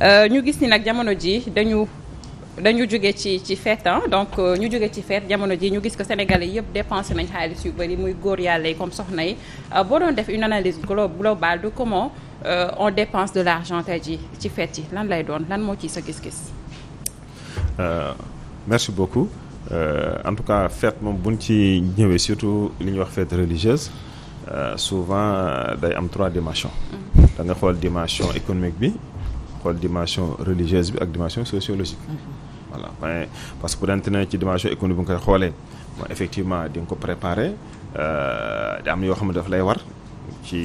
Euh, ñu gis ni nag jamono ji dañu dañu jóge ci ci fête donc euh, ñu jóge ci fête jamono ji ñu gis que sénégalais yëpp dépensé nañ xaalis yu bëri muy góor yàlla yi comme soxna yi euh, boo doon def une analyse globale de comment on dépense de l'argent tey ji ci fête yi lan lay doon lan moo ci sa gis-gis. merci beaucoup euh, en tout cas fête moom buñ ci ñëwee surtout li ñuy wax fête religieuse souvent day am trois dimensions. Mm-hmm. da nga xool dimension économique bi. xool dimension religieuse bi ak dimension sociologique mhm. voilà mais parce que bu dante ne ci dimension économique bi nga koy xoolee bon effectivement di nga ko préparer euh, da am na yoo xam ne daf lay war ci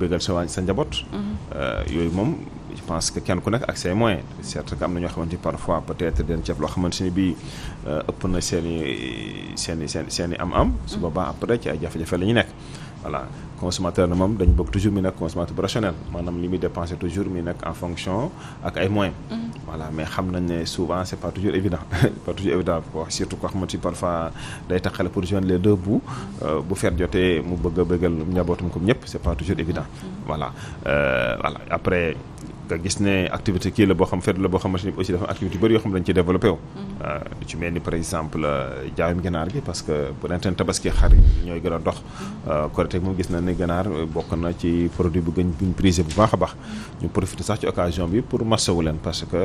bëggal sa sa njaboot mhm. euh, yooyu moom je pense que kenn ku nekk ak ses moyens certes que am na ñoo xamante ni parfois peut-être den ceeb loo xamante ni bii euh, ëpp na seen i seen i seen seen i am am su boobaa après ci ay jafe-jafe la ñu nekk voilà consommateur na moom dañ bëgg toujours mi nekk consommateur bu rationnel maanaam li muy dépenser toujours mi nekk en fonction ak ay moyens. Mm-hmm. voilà mais xam nañ ne souvent c' est pas toujours évident pas toujours évident quoi surtout koo xamante ni parfois day taxale pour joindre les deux bouts euh, bu feet jotee mu bëgg a bëggal njabootum comme ñëpp c' est pas toujours évident. Mm-hmm. voilà euh, voilà après. nga gis ne activité kii la boo xam fête la boo xamante ni aussi dafa activité bëri yoo xam dañ ci développé mm-hmm. euh, ci mel ni par exemple euh, jaayum ganaar gi parce que bu neen tabaski xar yi ñooy a dox. Mm-hmm. Euh, Korité moom gis na ne ganaar bokk na ci produit bu gën buñ prisé bu baax a baax mm-hmm. ñu profité sax ci occasion bi pour massawu leen parce que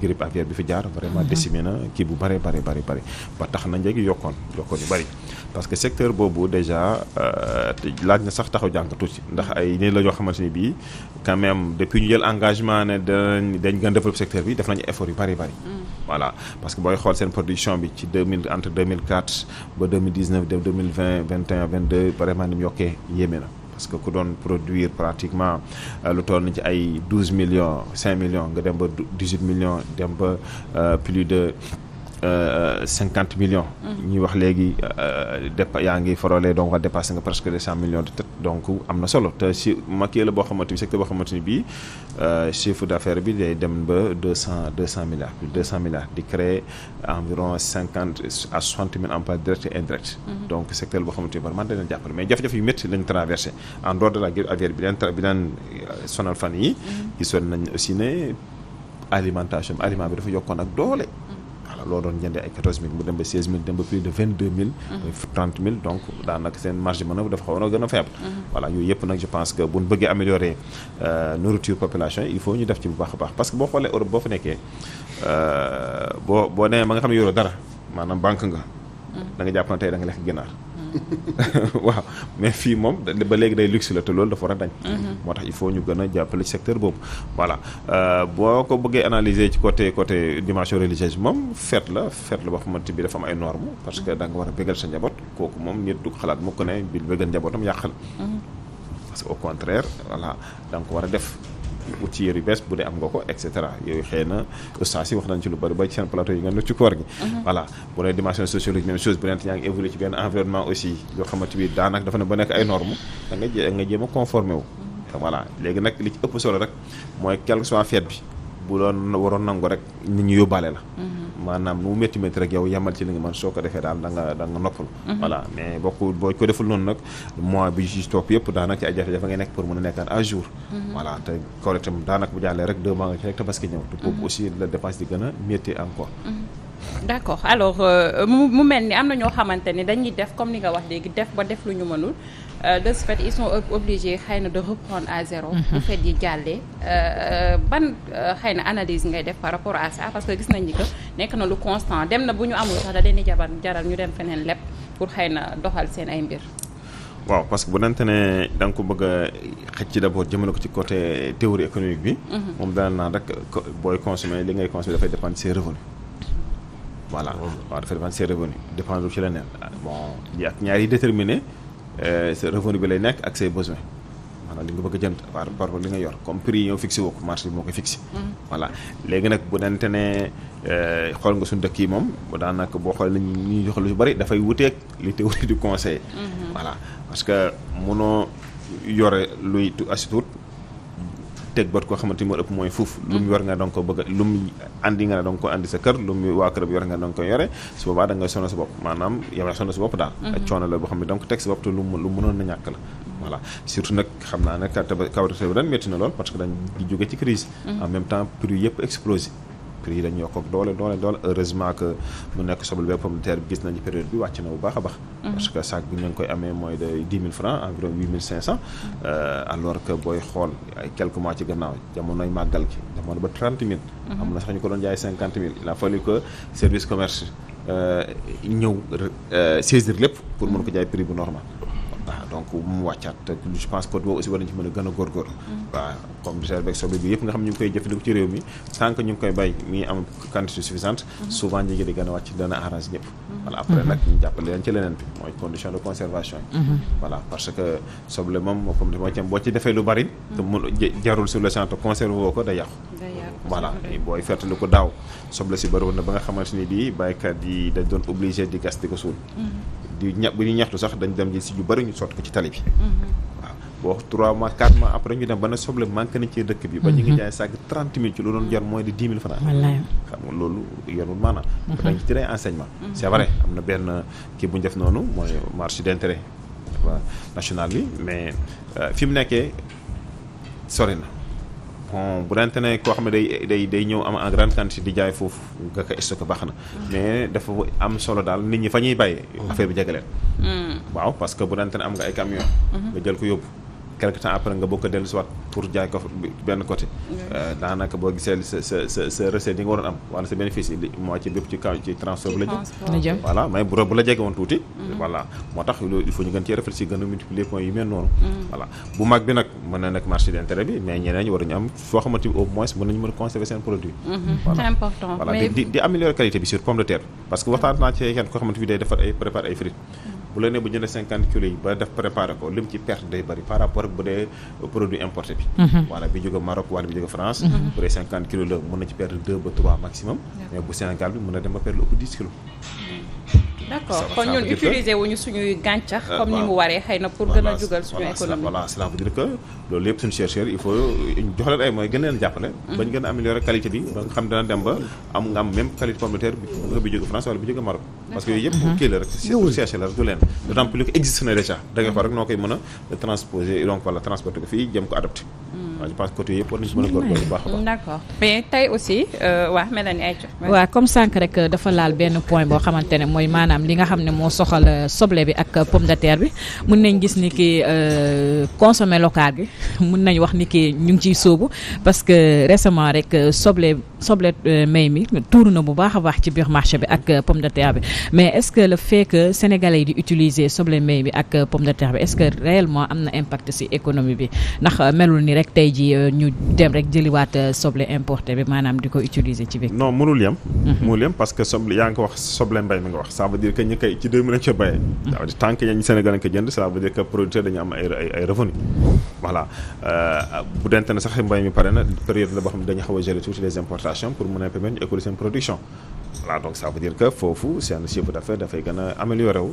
grippe aviaire bi fi jaar. vraiment décimé na kii bu bari bari bëri bëri ba tax na njëgi yokkoon yokkoon yu bari parce que secteur boobu déjà euh, laaj na sax taxu jàng si ndax ay nit la ñoo xamante ni bii quand même depuis ñu jël engagement ne danañ dañ gën développer secteur bi def nañu effort yu bari bari. Mm. voilà parce que booy xool seen production bi ci deux mille entre mille quatre ba deux mille dix neuf dem deux mille vingt vingt ni mu yokkee yéeme na. parce que ku doon produire pratiquement euh, lu toll nañ ci ay douze millions cinq million nga dem ba dix huit million dem ba euh, plus de. Euh, cinquante millions. Mm-hmm. ñuy wax léegi euh, dépa yaa ngi faroolee donc wax dépassé nga presque les cent millions de têtes donc am na solo te si maquillé la boo xamante ni secteur boo xamante ni bii euh, bi day dem ba deux cent deux cent milliards plus deux cent di créer environ cinquante à soixante mille emplois directs et indirects. Mm-hmm. donc secteur boo xamante ni vraiment danañ jàppale mais jafe-jafe yu métti lañ traversé en dehors de la guerre aviaire bi leen bi leen sonal fan yi mm-hmm. gisoon nañ aussi ne alimentation aliment bi dafa yokkoon ak doole. loo doon jëndee ay 14000 mu dem ba 16000 dem ba plus de 22000. muy 30000 donc daanaka seen marge de manœuvre dafa xawoon a gën a faible. Mhm. voilà yooyu yëpp nag je pense que bu ñu bëggee améliorer euh, nourriture population il faut ñu def ci bu baax a baax parce que boo xoolee Europe boo fa nekkee euh, boo boo nee nga xam ne yoroo dara maanaam banque nga. Mhm. da nga jàpp ne tey da nga lekk ginaar. waaw mais fii moom ba léegi day luxe la te loolu dafa war a dañ. Mhm. moo tax il faut ñu gën a jàppale secteur boobu. voilà euh, boo ko bëggee analyser ci côté côté dimension religieuse moom feet la feet la boo xamante bi dafam ay normes parce que mhm. da nga war a bégal sa njaboot kooku moom nit du xalaat mu ko ne bi bégal njabootam yàq la. Mhm. parce que au contraire voilà da nga ko war a def. ut ci yër yu bees bu dee am nga ko et cetera yooyu xëy na ustaas yi wax nañ ci lu bari ba ci seen plateau yi nga nu ci koor gi mhm. voilà bu dee dimension sociologique même chose bu neent ñaa ngi évolué ci benn environnement aussi yoo xamante bi daanaka dafa ne ba nekk ay normes da nga nga jéem a conformé wu mhm. voilà léegi nag li ci ëpp solo rek mooy quelque soit fête bi bu doon waroon nangu rek nit ñi yóbbaale la mhm. maanaam lu mu métti métti rek yow yamal ci li nga mën soo ko defee daal da nga da nga mhm. mais boo boo ko deful noonu nag mois bi ci topp yëpp daanaka a mhm. bu jàllee rek deux mois nga ci nekk tabaski ñëw te boobu aussi la dépense di gën a métti encore d' accord euh, mu mel ni am na ñoo xamante dañuy def comme ni nga wax léegi def ba def lu ñu mënul Euh, de ce fait ils sont xëy na de reprendre à zéro. bu mhm. fait yi jàllee euh, euh, ban xëy na analyse ngay def par rapport à ça parce que gis nañ ni que nekk na lu constant dem na bu ñu amul sax da leen di jabar jaral ñu dem feneen lépp pour xëy na doxal seen ay mbir. waaw parce que bu nante ne da ko bëgg a ci d' abord jëmale ko ci côté théorie économique bi. Mhm. moom dana naan rek booy consommer li ngay consommer dafay dépendre ses revenus. voilà waaw dafay dépendre ses revenus dépendre Euh, sa revenu bi lay nekk ak say besoin maanaam li nga bëgg a jënd par rapport li nga yor comme prix yow fixé woo ko marché bi moo koy fixé. Mm-hmm. voilà léegi nag bu dante ne euh, xool nga suñu dëkk yi moom bu daanaka boo xoolee li ñuy jox lu ci bari dafay wuteeg li théorie conseil. Mm-hmm. voilà parce que munoo yore luy tu teg bët koo xamante moo ëpp mooy fuuf lu mu yor nga danga ko bëgg lu mu andi nga danga ko andi sa kër lu mu waa bi yor nga danga ko yore su boobaa da ngay sonal bopp maanaam yow yaa sonal bopp daal ak coono la boo xam ne danga ko teg sa bopp te lu mu lu mënoon na ñàkk la voilà surtout nag xam naa ne kawrité bi ren métti na lool parce que dañ di ci crise en même temps prix yëpp explosé prix yi dañu yokk ak doole doole doole heureusement que mu nekk soble bee pomme de terre bi gis nañu période bi wàcc na bu baax a baax mhm. parce que sac bi ñu ngi koy amee mooy de dix mille francs environ huit mille cinq cent euh, alors que booy xool ay quelques mois ci gannaaw jamonoy màggal gi jamono ba trente mille mhm. am na sax ñu ko doon jaay cinquante mille il a fallu que service commerce euh, ñëw euh, saisir lépp pour mën ko jaay prix bu normal waaw donc mu wàccaat je pense que boobu aussi war nañ ci a gën a góorgóorlu mm-hmm. waaw comme serre beeg soble bi yëpp nga xam ñu ngi koy jëfandikoo ci réew mi tant que ñu ngi koy bay mi am quantité suffisante mm-hmm. souvent njëgi di mm-hmm. nag ñu jàppale leen ci leneen yi voilà parce que soble moom moo comme moo ci am ko day yàqu voilà booy fertali ko daaw soble si bëriwoon na ba nga ni bii baykat yi dañ doon obligé di gas di ko suul di ña bu ñu sax dañ dem ji si ñu bari ñu sotti ko ci tali bi mm-hmm. waaw boo wax 3 mois 4 après ñu dem ba ne soble manqué na ci dëkk bi ba ñu ngi mm-hmm. jaay sàgg 30 mille ci lu doon jar mooy di 10 mille francs xam nga loolu yoonul maanaam mm-hmm. dañ ci tiré enseignement c'est vrai am na benn kii bu ñu def noonu mooy marché d'intérêt national bi mais euh, fi mu nekkee sori na bon bu dante ne koo xam ne day day day ñëw am en grande quantité di jaay foofu nga ko stocké baax na mais dafa am solo daal nit ñi fa ñuy bàyyee mm. affaire bi jege mm. waaw parce que bu dante ne am nga ay camion mm-hmm. nga jël ko yóbbu quelque temps après nga bëgg ko dellu si pour jaay ko benn côté euh, daanaka boo gisee sa sa sa sa yi nga waroon am wala sa bénéfice li moitié bépp ci kaw ci transport bi la jëm voilà mais bu la jege woon tuuti mm-hmm. voilà moo tax il faut ñu gën cee réfléchir gën a multiplier points yu mel noonu mm-hmm. voilà bu mag bi nag mën na nekk marché d'intérêt bi mais ñeneen ñi ñu am foo xamante ni moins mën nañu mën conserver seen produit mm-hmm. voilà di di améliorer bu la nee bu jëndee cinquante kilos yi ba def préparé ko lim ci perte day bëri par rapport bu dee produit importé bi. Mhm. wala bi jóge Maroc wala bi jóge France. Mhm. bu dee cinquante kilos la mën na ci perdre deux ba trois maximum. mais bu Sénégal bi mën na dem ba perdre lu ëpp dix kilos. d'accord kon ñun utiliser suñuy gàncax. Euh, comme ni mu waree xëy na pour gën a jugal suñu économie. loolu yëpp suñu chercheur il faut jox leen ay mooy gën leen jàppale bañ gën a améliorer qualité bi ba nga xam dana dem ba am nga am même qualité communautaire bi jóge France wala bi jóge Maroc parce que yooyu kii la rek chercher la du leen d'autant plus que existe na déjà da nga xool rek noo koy mën a transposer donc wala transporter ko fii jëm ko adopté waaw je pense a góorgóorlu bu baax a baax. d'accord mais tey euh, waa comme sànq rek euh, dafa laal benn point boo xamante ne mooy maanaam li nga xam ne moo soxal euh, soble bi ak pomme de terre bi mun nañ gis ni ki consommé local bi mun nañ wax ni ki ñu ngi ciy sóobu parce que récemment rek soble soble may mi tour na bu baax a baax ci biir marché bi ak pomme de terre bi mais est-ce que le fait que yi di utiliser soble may bi ak pomme de terre bi est-ce que réellement am na impact ci économie bi ndax melul ni rek tey. tey ji euh, ñu dem rek jëliwaat euh, soble importé bi maanaam di ko utiliser ci biir. non mënul yem. Mhm. mënul yem parce soble yaa ngi ko wax soble mbay mi nga wax ça veut dire que ñi ci réew mi lañ ko béyee. waaw tant que ñi Sénégal dañu am ay ay ay euh, bu dente ne sax mbay mi pare na période la boo xam dañu xaw a gérer tuuti les importations pour mën a permettre ñu écouler seen production. voilà donc ça veut dire que foofu seen chiffre d'affaires dafay gën a amélioré wu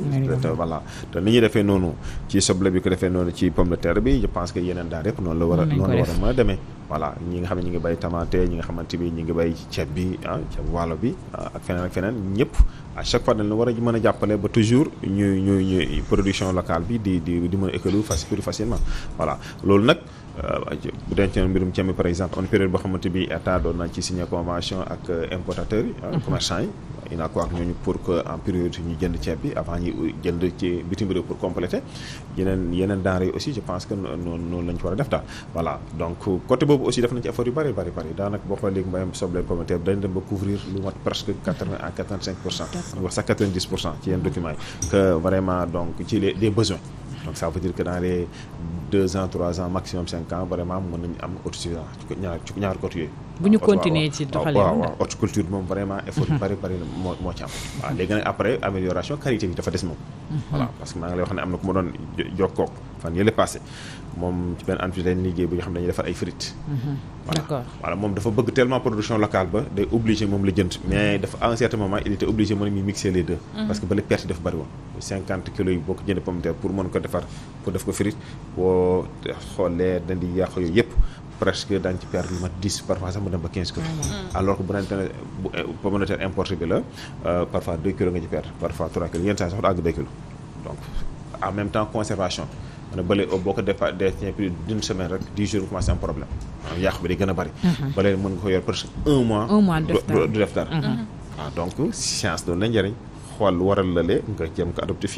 voilà te ni ñuy defee noonu ci soble bi ko defee noonu ci pomme de terre bi je pense que yeneen daal rek noonu la war a noonu la war a mën a demee voilà ñi nga xam ne ñi ngi bay tamate ñi nga xamante bi ñi ngi béy ceeb bi ah ceeb waalo bi ah, ak feneen ak feneen ñëpp a chaque fois dañ la war a mën a jàppale ba toujours ñu ñu ñu production locale bi di di di mën a écoler facile plus voilà loolu nag Euh, bu dencee mbirum càmm par exemple en période boo xamante bi état doon na ci signé convention ak euh, importateurs yi. Ah, mhm. commerçant yi. ina ko ak ñooñu pour que en période ñu jënd ceeb bi avant ñu jënd ci bitim réew pour compléter yeneen yeneen denrées yi aussi je pense que noonu noonu ci war def daal voilà donc côté boobu aussi def nañ ci effort yu bëri bëri bëri daanaka boo xoolee léegi mbayam soble communautaire dañ dem ba couvrir lu mat presque quatre donc ça veut dire que dans les deux ans trois ans maximum cinq ans vraiment mën nañu am autosuffisance ci ñaar ci ñaar côté bu ñu ah, continuer ci ah, doxalin moom vraiment effort yu bari bari moo moo am waaw léegi nag après amélioration qualité bi dafa des moom mhm. parce que maa ngi lay wax ne am na ku ma doon jokkook fan yële passé moom ci benn entreprise lañ liggéey bu nga xam ne dañuy defar ay frites mhm. voilà moom dafa bëgg tellement production locale ba day obligé moom la jënd mais dafa à un il était obligé mën a muy mixer les deux mhm. parce que ba perte dafa bari cinquante kilos presque daañu ci perdre lu mat dix parfois sax mu dem ba quinze kilos. Ah alors que bu naan bu pomme eh, de la euh, parfois deux kilos nga ci perdre parfois trois kilos yenn saa sax du deux kilos donc en même temps conservation. mën a bële boo ko defa defee plus d'une semaine rek dix jours commencé am problème maanaam bi day gën a bëri. Mhm. bële mën nga ko yor presque un mois. du def mhm. ah, donc science doon la njëriñ xool waral lale nga jéem ko adopté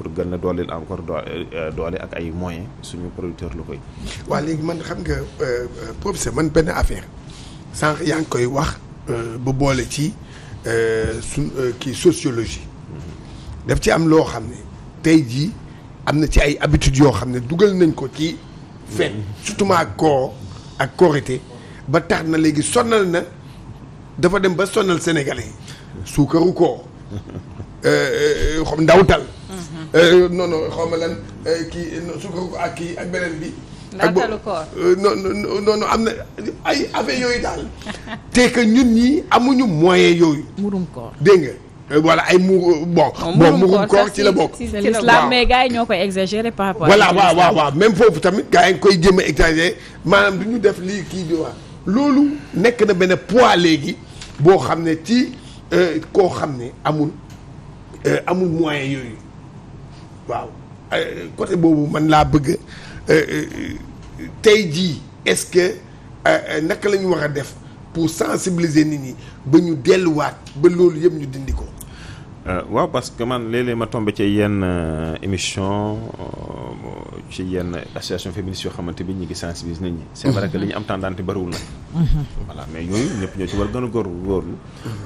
pour gën a dooleel encore euh, euh, doole ak ay moyens suñu producteur lu koy. waaw léegi man xam nga euh, professeur man benn affaire sànq yaa ngi koy wax bu boole ci suñ kii sociologie. Mm-hmm. daf ci am loo xam ne tey jii am na ci ay habitudes yoo xam ne dugal nañ ko ci. fête mm-hmm. surtout ak koor ak korité ba tax na léegi sonnal na dafa dem ba sonnal sénégalais yi. Mm-hmm. suukaru koor. ndawtal. Euh, euh, non non xaw ma lan euh, kii sukkandiku ak kii ak beneen bi. ak boobu non am na ay affaire yooyu daal. te que ñun ñi amuñu moyen yooyu. murum koor dégg nga. voilà ay mu bon. bon murum koor ci la bokk. ci l'islam mais gars yi ñoo koy exagéré par rapport voilà waaw waaw waaw même foofu tamit gars yi ngi koy jéem a maanaam du ñu def lii kii di wax loolu nekk na benn poids léegi boo xam ne ci koo xam ne amul amul moyen yooyu. waaw euh, côté boobu man laa bëgg euh, euh, tey jii est-ce que naka la ñu war a def pour sensibiliser nit ñi ba ñu delluwaat ba loolu yëpp ñu dindi ko. waaw parce que man léeg-léeg ma tombé ci yenn émission. ci yenn association féministe yoo xamante bi ñu ngi sensibiliser nit ñi c'est vrai que li ñu am tendance bariwul nag voilà mais yooyu ñëpp ñoo ci war gën a góor góorlu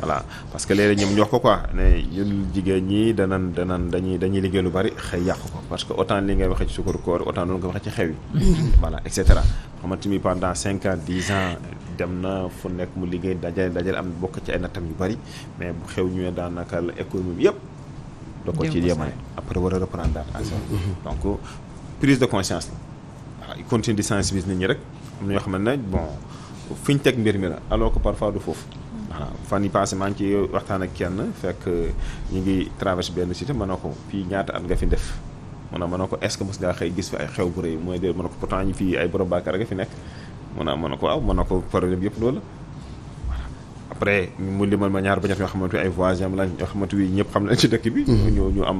voilà parce que léeg ñoom ñoo ko quoi ne ñun jigéen ñi danan danan dañuy dañuy liggéey lu bari xëy yàq ko parce que autant li ngay waxee ci sukkaru koor autant loolu nga waxee ci xew yi voilà et xamante ni pendant cinq ans dix dem na fu nekk mu liggéey dajale dajale am bokk ci ay yu bari mais bu xew ñëwee daanaka la économie bi yëpp da ci yemale après war a prise de conscience la waaw ah, il continue di sensibiliser nit ñi rek am na ñoo xamante ne bon fi ñu teg mbir mi la alors que parfois du foofu. waaw ah, fan yi passé maa ngi ci waxtaan ak kenn fekk ñu ngi traversé benn cité mën na ko fii ñaata at nga fi def. mun naa mën na ko est-ce xëy gis fi ay xew bu rëy mooy de mën na ko pourtant ñu fii ay borom baakaar nga fi nekk mun naa mën na ko waaw mën na ko problème yëpp loolu après mu limal ma ñaar ba ñett ñoo xamante ay voisins am lañ ñoo xamante wi ñëpp xam nañ ci dëkk bi mhm. ñu ñu am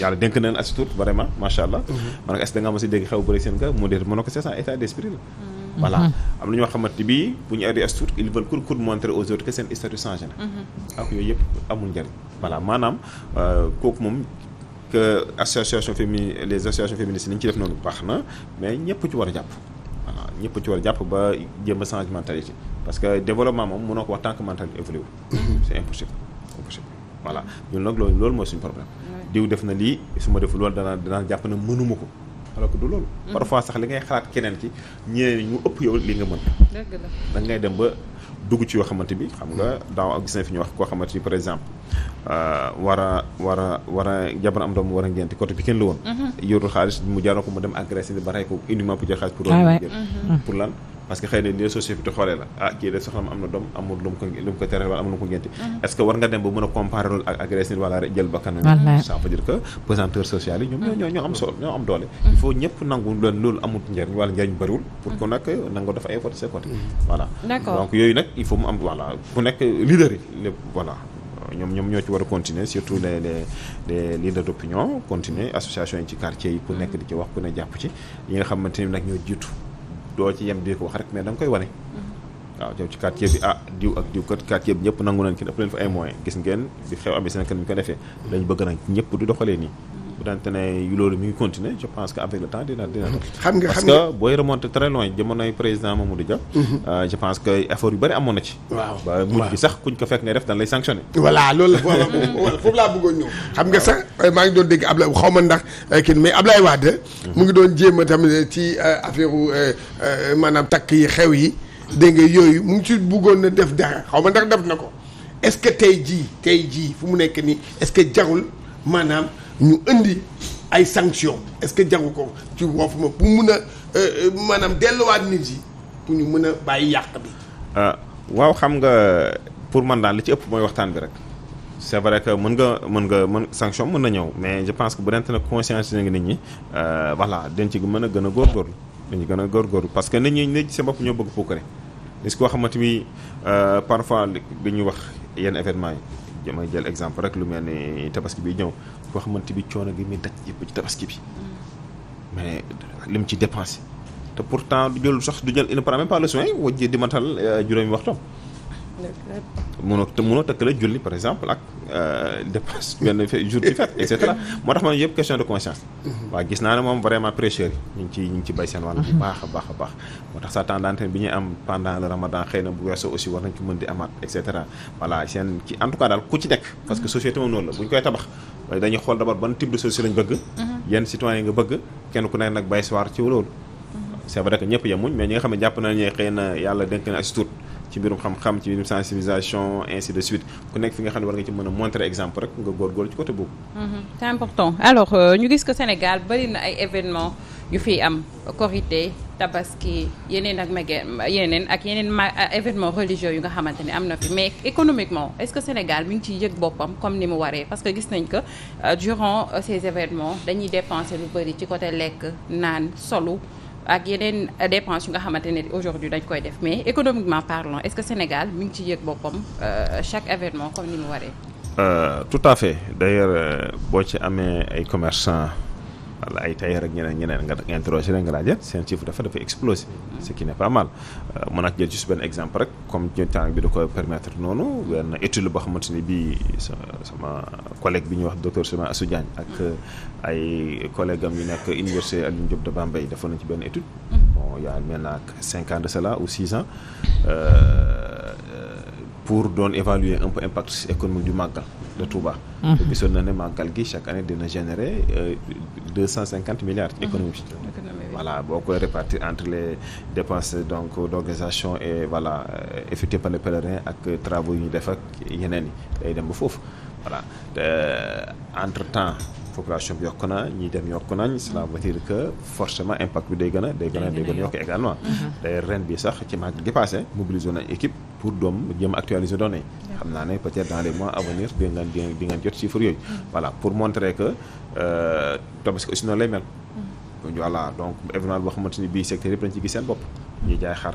yàlla dénk nañ asitur vraiment macha allah mhm. man nag est-ce yooyu yëpp amul njëriñ voilà maanaam euh, kooku moom que association féminine les associations féministes ni ñu ci def noonu baax na mais ñëpp ci war a jàpp waaw ñëpp ci war a jàpp ba jéem a changer mentalité parce que développement moom mënoo ko wax tant mentalité évolué wu mhm. impossible impossible voilà ñun nag loolu loolu mooy suñu problème diw def na lii su deful loolu danaa danaa jàpp ne mënuma ko alors que du loolu mhm. parfois sax li ngay xalaat keneen ki ñeneen ëpp yow li nga mën dëgg dem ba dugg ci yoo bi xam nga daaw ak gis nañ fi ñu wax koo xamante par exemple euh, war a war a war a jabar am doom war a ngénte côté bi kenn la woon mhm. yorul xaalis mu jaaroo ko mu dem agressé bi ba rey ko uniquement pour jël xaalis pour ah pour mhm. lan parce que xëy na ni société bi di xoolee la ah kii de soxnaam am na doom amul lu mu ko lu mu ko tere wala mhm. a comparer loolu ak agressé nit yi yooyu nag il faut mu am voilà ku nekk leader yi voilà ñoom ñoom ñoo ci war a continuer surtout les les les leaders d'opinion continuer association ci quartier yi ku nekk di ci wax ku ne jàpp ci yi nga xamante ni nag ñoo jiitu doo ci yem di ko wax rek mais da nga koy wane. Mhm. waaw jëm ci quartier bi ah diw ak diw kat bi ñëpp nangu nañ kenn ëpp leen fa ay moyens gis ngeen bi xew amee seen kan ñu ko defee. lañ mhm. bëgg nag ñëpp du doxalee nii. bu dante ne loolu mi ngi continuer je pense que avec le temps dina dina xam nga xam nga parce que booy remonter très loin jamonoy président Mamadou Dia mhm. euh, je pense que effort yu bëri amoon na ci waaw ba mujj bi sax kuñ ko fekk ngay def dañ lay sanctionner voilà loolu la voilà foofu laa bëggoon ñëw xam nga sax maa ngi doon dégg Ablaye xaw ma ndax euh, kii mais Ablaye Wade mhm. mu ngi doon jéem a tamit euh, ci affaire u maanaam takk yi xew yi dégg nga yooyu mu ngi ci bëggoon na def dara xaw ma ndax def na ko est-ce que tey jii tey jii fu mu nekk nii est-ce que jarul maanaam ñu indi ay sanction est-ce que jàngu ko ci woof ma pour mun a euh, euh, maanaam delluwaat nit yi pour ñu mën a bàyyi yàq bi. Euh, waaw xam nga pour man daan li ci ëpp mooy waxtaan bi rek. c'est vrai que mën nga mën nga mën sanction mën na ñëw mais je pense que bu dente na conscience na ngi nit ñi voilà denc ci mën a gën a góorgóorlu dañ ci gën a góorgóorlu parce que nit ñi nit seen bopp ñoo bëgg puukare gis koo xamante ni parfois li ñuy wax yenn événement yi damay jël exemple rek lu mel ni tabaski bi ñëw foo xamante bi coono gi muy daj yëpp ci tabaski bi mais mu ci dépensé te pourtant du jël sax du jël il ne prend même pas yi soin wajj di matal euh, juróomi waxtoom munoo munoo tëkkale julli par exemple ak euh, dépense benn jour ci fête et cetera moo tax ma ne yëpp question de conscience. Mhm. waaw gis naa ne moom vraiment prêcheurs yi ñu ngi ci bay seen wàll. bu mhm. baax a baax a baax. moo tax sa temps d'antenne bi ñuy am pendant le ramadan xëy na bu weesoo aussi war nañ ko mën di amaat et cetera voilà seen ci en tout cas daal ku ci nekk. parce que mhm. société moom noonu la bu ñu koy tabax dañuy xool d'abord ban type de société lañ bëgg. yenn citoyen nga bëgg kenn ku nekk nag bay si waar ci loolu. c'est vrai que ñëpp yemuñ mais ñi nga xam ne jàpp nañu ne xëy na yàlla dénk na as tuut ci mbirum xam-xam ci mbirum sensibilisation ainsi de suite ku nekk fi nga xam ne war nga ci mën a montrer exemple rek nga góorgóorlu ci côté boobu. Mhm, c'est important alors euh, ñu gis ko Sénégal bari ay événements yu fiy am Korité Tabaski yeneen ak mege yeneen ak yeneen ma euh, événement religieux yu nga xamante am na fi mais économiquement est-ce que Sénégal mi ngi ciy yëg boppam comme ni mu waree parce que gis nañ que euh, durant ces événements dañuy dépenser lu bari ci côté ak yeneen dépenses yu nga xamante ne aujourd'hui dañ koy def mais économiquement parlant est-ce que Sénégal mu ngi ci yëg boppam euh, chaque événement comme ni mu waree. Euh, tout à fait d'ailleurs euh, boo ci amee ay commerçants. wala ay tailleur ak ñeneen ñeneen nga interroger nga laajee seen chiffre dafa dafa explosé ce qui n'est pas mal euh, mën naa jël juste benn exemple rek comme ñu temps bi da koy permettre noonu benn étude boo xamante ni bii sama collègue bi ñuy wax docteur Soumen Assou Diagne ak euh, ay collègue am yu nekk université Alioune Diop de mbay defoon nañ ci benn étude mm-hmm. bon y a maintenant cinquante ans de cela ou six ans euh, pour doon évaluer impact économique du màggal de Touba. Mhm. gisoon na ne màggal gi chaque année dina générer euh, deux cent cinquante milliards. Mhm. économique voilà boo koy répartir entre les dépenses donc d' organisation et voilà euh, effectuées par les pèlerins ak travaux yu ñu def ak yeneen yi day dem ba foofu voilà euh, entre temps. population bi yokk na ñiy dem yokk nañ cela veut dire que forcément impact bi day gën day gën yokk également mhm. d'ailleurs ren bi sax ci màgg gi passé nañ équipe pour doom jëm actualiser données xam naa ne peut-être dans les mois à venir di ngeen di di yooyu mhm. voilà pour montrer que euh, tabaski aussi noonu lay mel mhm. voilà donc événement boo xamante bii secteur yëpp dañ ci gis bopp ñu jaay xar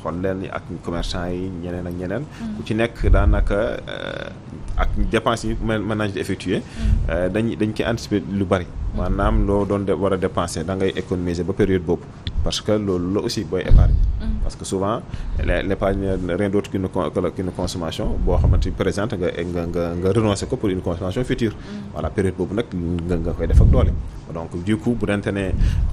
xool leen ak commercant yi ñeneen ak ñeneen mm. ku ci nekk daanaka euh, ak dépense yi ménage di effectué mm. euh, dañ dañ koy anticiper lu bari mm. maanaam loo doon war a dépenser da ngay économiser ba période boobu parce que loolu la aussi booy épargne parce que souvent l' épargne rien d' autre qu'une boo xamante présent présente nga nga nga nga renoncer ko pour une consommation future voilà période boobu nag nga nga koy def ak doole donc du coup bu dante ne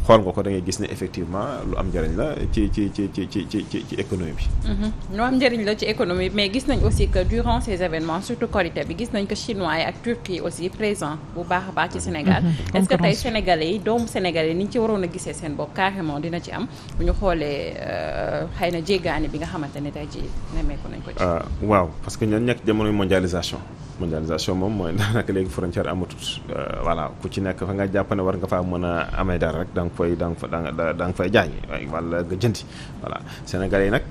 xool nga ko da gis ne effectivement lu am njëriñ la ci ci ci ci ci ci ci économie bi. Mm-hmm. lu am njëriñ la ci économie bi mais gis nañ aussi que durant ces événements surtout Korité bi gis nañ ko chinois yi ak turcs yi aussi présent bu baax a baax ci Sénégal. Mm-hmm. est-ce que tey sénégalais yi doomu sénégalais ni ñu ci waroon a gisee seen bopp carrément dina ci am bu ñu xoolee euh, xëy na jéggaani bi nga xamante ni tey ci nemmeeku nañ ko ci. Euh, waaw parce que ñoom nekk jamono mondialisation. mondialisation moom mooy daanaka léegi frontière amatut euh, voilà ku ci nekk fa nga jàpp war nga faa mën a amee dara rek da nga fay da nga fa da nga da nga fay jaay wala nga jëndi voilà sénégal yi nag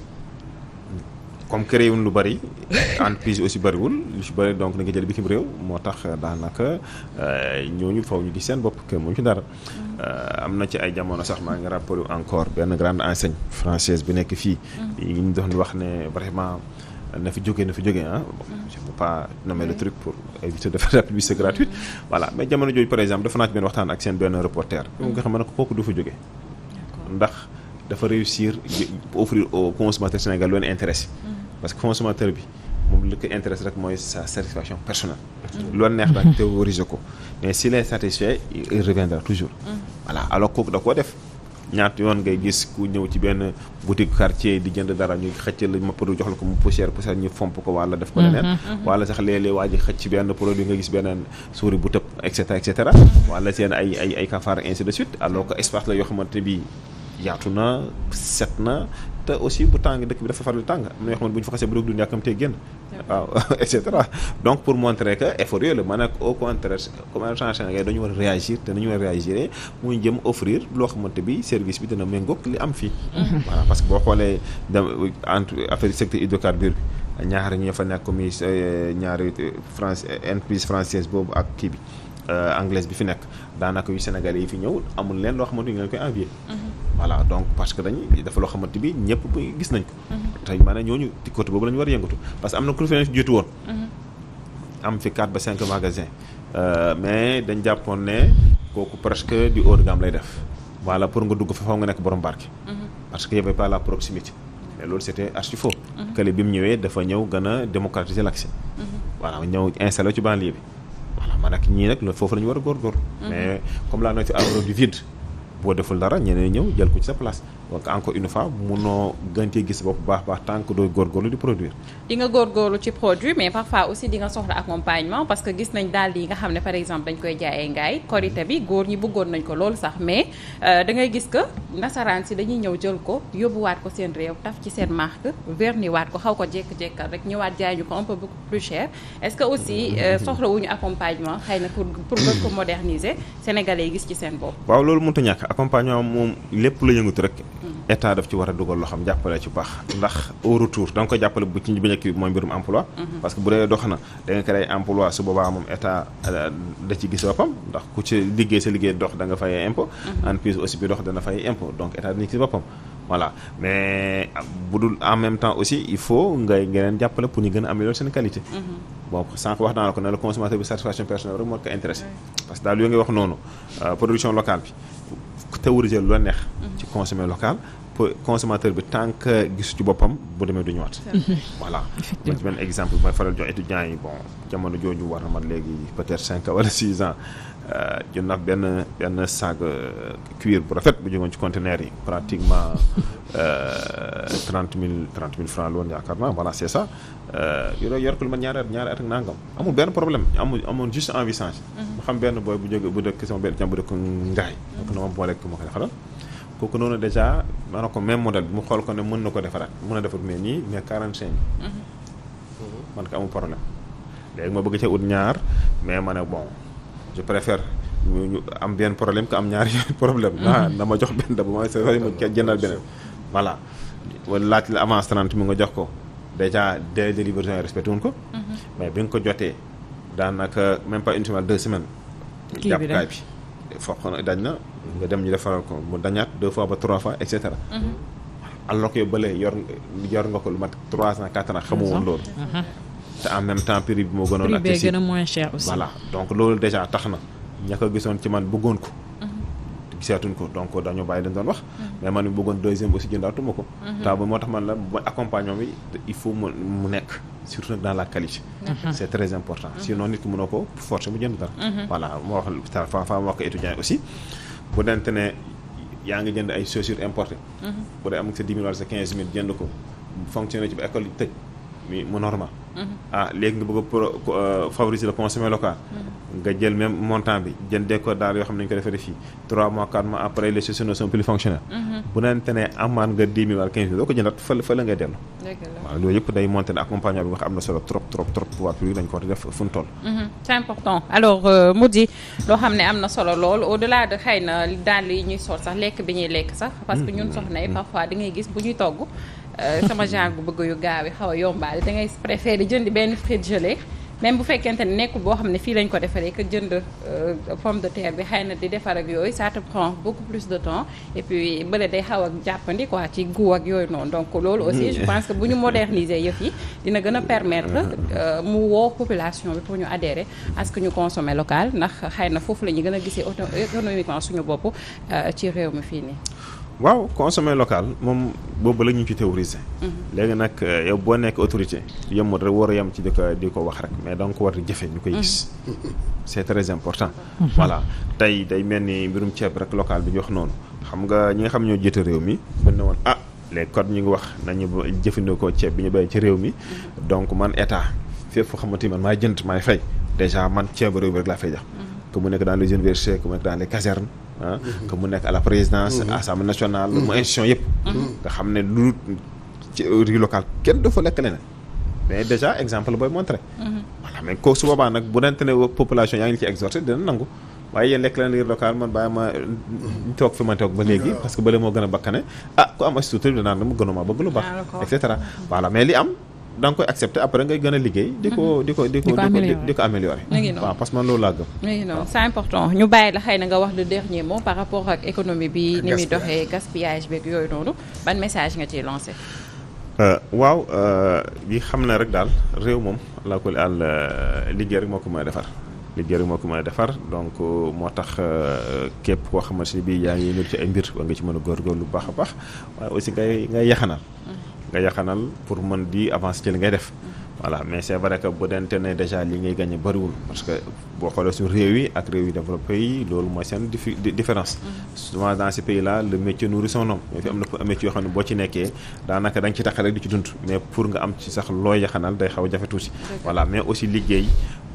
comme créé wuñ lu bari entreprise aussi bariwul lu si bari donc da nga jël bitim réew moo tax daanaka euh, ñooñu faw ñu di seen bopp que mu ci dara. Euh, am na ci ay jamono sax maa ngi rappelé encore benn grande enseigne française bi nekk fii. Mm. yi ñu doon wax ne vraiment. na fi jógee na fi jógee ah. Mm. pas nommer le truc pour éviter de faire la publicité gratuite voilà mais jamono jooju par exemple dafa naa ci benn waxtaan ak seen benn reporter mm. nga xam ne kooku du fa jóge ndax dafa réussir offrir au consommateur sénégal loolu intéressé mm. parce bi moom li ko intéresse mooy sa satisfaction personnelle loolu mm. neex daal théoriser ko mais s'il est satisfait il reviendra toujours voilà alors kooku da koo def ñaata yoon ngay gis ku ñëw ci benn boutique quartier di jënd dara ñu xëcc la ma produit jox la ko mu poussière poussière ñu fomp ko wala def ko mm-hmm. leneen mm-hmm. wala sax léeg-léeg waa ji xëcc benn produit nga gis beneen souris bu tëb et cetera et cetera mm-hmm. wala seen ay ay ay kafaar ainsi de suite alors que espace la yoo xamante bi yaatu na set na te aussi bu tàng dëkk bi dafa faral tàng am na yoo bu ñu fa xasee bu dugg dund yàkkamtee génn waaw et donc pour montrer que effort yooyu la ma nekk au contraire a réagir te nañu jëm offrir loo xamante bi service bi dina méngoog li am fii mhm. voilà parce que boo xoolee dem entre affaire secteur bi ñaari ñoo fa nekk comme euh, ñaari euh, France euh, entreprise française boobu ak kii bi anglaise bi fi nekk daanaka yu sénégalais yi fi ñëw amul leen loo xamante ñu leen koy envier mhm. voilà donc parce que dañuy dafa loo xamante bi ñëpp gis nañ ko mhm. tey maanaam ñooñu ci côté boobu lañu war a yëngatu parce que am na ku fi ne jiitu woon mhm. am fi 4 ba cinq magasin euh, mais dañ jàppoon ne kooku presque di haut de gamme lay def voilà pour nga dugg fa faw nga nekk borom barke mhm. parce que y avait pas la proximité mais loolu c'était archi kële bi mu ñëwee dafa ñëw gën a démocratiser l'accès waaw ñëw installé ci banlieue bi voilà man ak ñii nag foofu la ñu war a góorgóorlu mais comme la noyyi fi boo deful dara ñeneen ñëw jël ko ci sa place donc encore une fois munoo gën gis bopp bu baax baax tant que doo góorgóorlu di produire. di nga góorgóorlu ci produit mais parfois aussi di nga soxla accompagnement parce que gis nañ daal yi nga xam ne par exemple dañ koy jaayee ngaay korite bi góor ñi bëggoon nañ ko loolu sax mais euh, da ngay gis que nasaraan si dañuy ñëw jël ko yóbbu waat ko seen réew taf ci seen marque verniwaat ko xaw ko jékki-jékkal rek ñëwaat jaay ñu ko un peu beaucoup plus cher est-ce que aussi euh, mm-hmm. soxlawuñu accompagnement xëy na pour pour gën ko moderniser sénégalais seen bopp. waaw loolu mënut a ñàkk accompagnement moom lépp la état daf ci war a dugal loo xam jàppale ci baax ndax au retour da nga ko jàppale bu ci bu njëkk bi mooy mbirum emploi mhm. parce que bu dee dox na da nga créé emploi su boobaa moom état euh, da ci gis boppam ndax ku ci liggéey sa liggéey dox danga nga fay impôt mhm. en plus aussi bi dox dana fay impôt donc état dana ci boppam voilà mais bu dul en même temps aussi il faut nga ngeen jàppale pour ñu gën a améliorer seen qualité. Mhm. bon sànq wax naa la ko ne la consommateur bi satisfaction personnelle rek moo ko intéressé. parce que daal yoo ngi wax noonu euh, production locale bi théoriser lu la neex. Mhm. ci consommer local. consommateur bi tant gisu ci boppam bu demee du ñëwaat. voilà man ci benn exemple bi may faral jox étudiants yi bon jamono jooju war na léegi peut-être cinq wala six ans euh, jënd na benn benn sac euh, cuir bu rafet bu jógoon ci conteneur yi pratiquement euh, trente mille trente mille francs la woon yaakaar naa voilà c'est ça yor yor ko at ñaari at ak nangam amul benn problème amul amoon juste envie mhm. xam benn booy bu jóge bu dëkk sama benn jàmm bu dëkk ngaay. Mhm. donc na ma booleeg ma koy xelal. kooku noonu déjà ma ne ko même modèle bi mu xool ko ne mën na ko defaraat mën a defar mais nii mais 45. Mm-hmm. man ko amul problème léegi ma bëgg ca ut ñaar mais ma ne bon je préfère am benn problème que am ñaari problème. Mm-hmm. ah na ma jox benn dama ma jëndal beneen. voilà wala laaj la avance 30 mi nga jox ko déjà délai de livraison respecté wuñ ko. Mm-hmm. mais bi nga ko jotee daanaka même pas de semaine deux semaines. kii bi jàppukaay bi foog na. nga dem ñu defaral ko mu dañaat deux fois ba trois fois et cetera. Mm-hmm. alors que bële yor yor nga ko lu mat trois ans quatre ans xamu woon loolu. Mm-hmm. te en même temps prix bi moo gën a moins cher aussi. voilà donc loolu déjà tax na ña ko gisoon ci man bëggoon ko. Mm-hmm. gisaatuñ ko donc dañoo bàyyi dañ doon wax. mais man mi bëggoon deuxième aussi jëndaatuma ko. temps bi moo tax man la mooy accompagnement bi il faut mu nekk surtout nag dans la qualité. c' est très important sinon nit ki mënoo ko forcer bu dente ne yaa ngi jënd ay chaussures importées mhm. bu dee am nga sa 10 000 wala sa 15 000 jënd ko fonctionné ci ba école yi tëj mi mu normal. Mhm. ah léegi nga bëgg a pro euh, favoriser le consommer local. Mhm. nga jël même montant bi jëndee ko daal yoo xam ne ñu ko defaree fii 3 mois 4 mois après les sociétés ne plus fonctionnelles. Mhm. bu naan te amaan nga 10 000 loolu yëpp day monter ne bi nga xam am na solo trop trop trop pouvoir public dañ ko war a toll. c'est important euh, mu di loo xam ne am na solo lool au delà de xëy na daal yi ñuy sol sax lekk bi ñuy lekk sax. parce que ñun Eh, sama genre bu bëgg yu gaaw yi xaw a yombaale da ngay préféré jënd benn frite gelée même bu fekkente ne nekkul boo xam ne fii lañ ko defaree que jënd euh, pomme de terre bi xay na di defar ak yooyu ça te prend beaucoup plus de temps et puis bële day xaw ak jàppandi quoi ci goût ak yooyu noonu donc loolu aussi je pense que bu ñu moderniser yëf yi dina gën a permettre euh, mu woo population bi pour ñu adhérer à que ñu consommer local ndax xëy na foofu la ñu gën a gisee auto économiquement suñu bopp euh, ci réew mi fii nii waaw consommer local moom boobu la ñu ci théoriser. Mhm. léegi nag euh, yow boo nekk autorité yemul rek war a yem ci di ko di ko wax rek mais da ko war di jëfe ñu mhm. important. Mhm. voilà tey day mel ni mbirum ceeb rek local bi ñu wax noonu xam nga ñi nga xam ñoo jiite réew mi mën na woon ah les codes ñu ngi wax nañu jëfandikoo ceeb bi ñu béy ci réew mi donc man état fépp foo xamante ni man maay jënd maay fay déjà man ceeb réew mi rek laa fay jox. que mu nekk dans les universités que mu nekk dans les casernes. ah que mu nekk a la présidence mhm. assemblée nationale mhm. mu institution yëpp mhm. nga xam ne lu ci local kenn du fa lekk leneen mais déjà exemple booy montré voilà mais ko su boobaa nag bu dente ne population yaa ngi ci exhorté dina nangu waaye yéen lekk leen riir local man bàyyi ma toog fi ma toog ba léegi parce que bële moo gën a bakkane ah ku am astuce tuuti danaan mu gënuma bëgg lu baax ah, et cetera voilà mais li am da nga koy accepter après ngay gën a liggéey. di ko mhm. di ko di ko di ko améliorer. waaw parce que man loolu laa gëm. waaw c'est important ñu bàyyi la xëy nga wax le dernier mot par rapport ak économie bi. ni muy doxee gaspillage beeg yooyu noonu ban message nga ciy lancé. Euh, waaw bi euh, xam na rek daal réew moom laa ko àll liggéey rek moo ko mën defar. liggéey rek moo ko mën a defar donc euh, moo tax képp koo xamante ni bii yaa ngi yëngu ci ay mbir ba nga ci mën a góorgóorlu bu baax a baax waaye aussi ngay ngay yaxanal. Mhm. nga yaxanal pour man di avancer ci ngay def voilà mais c'est vrai que bu dente ne déjà li ngay gagné bëriwul parce que boo xoolee su réew yi ak réew yi développé yi loolu mooy seen différence souvent dans ces pays là le métier nourrit son homme mais fi am na métier yoo xam ne boo ci nekkee daanaka dañ ci tax rek di ci dund mais pour nga am ci sax loo yaxanal day xaw a si tuuti voilà mais aussi liggéey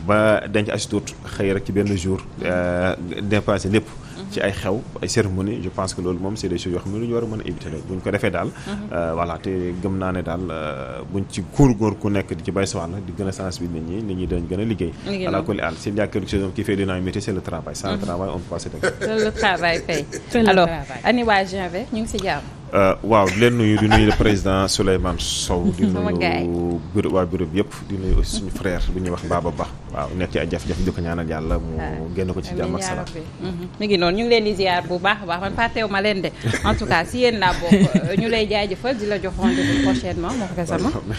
ba denc asi tuut xëy rek ci benn jour euh, dépassé lépp ci ay xew ay cérémonie je pense que loolu moom c'est des choses yoo xam ne lu ñu war a mën a buñ ko defee daal mhm. euh, voilà te gëm naa ne daal euh, buñ ci góor-góor ku nekk di ci bay sawàll di gën a sensibiliser nit ñi nit ñi dañ gën a liggéey voilà koli àll s'il y a quelque chose qui fait dynamité c'est le travail sans le mhm. travail on peut pas s'établir le travail paye alors Aniwa Genvais ñu ngi si jàmm Euh, waaw di leen nuyu di nuyu président Souleymane Sow. di nuyu bureau waa bureau bi yëpp di nuyu aussi suñu frère bu ñuy wax Baba Ba. waaw nekk ci ay jafe-jafe di ko mu ah, génn ko ci jàmm ak salaam. Mhm. mi ngi noonu ñu ngi leen di ziar bu baax a baax man fàttewu ma leen de en tout cas si yéen laa bokk ñu lay jaajëfal di la jox rendez-vous moo ko sama.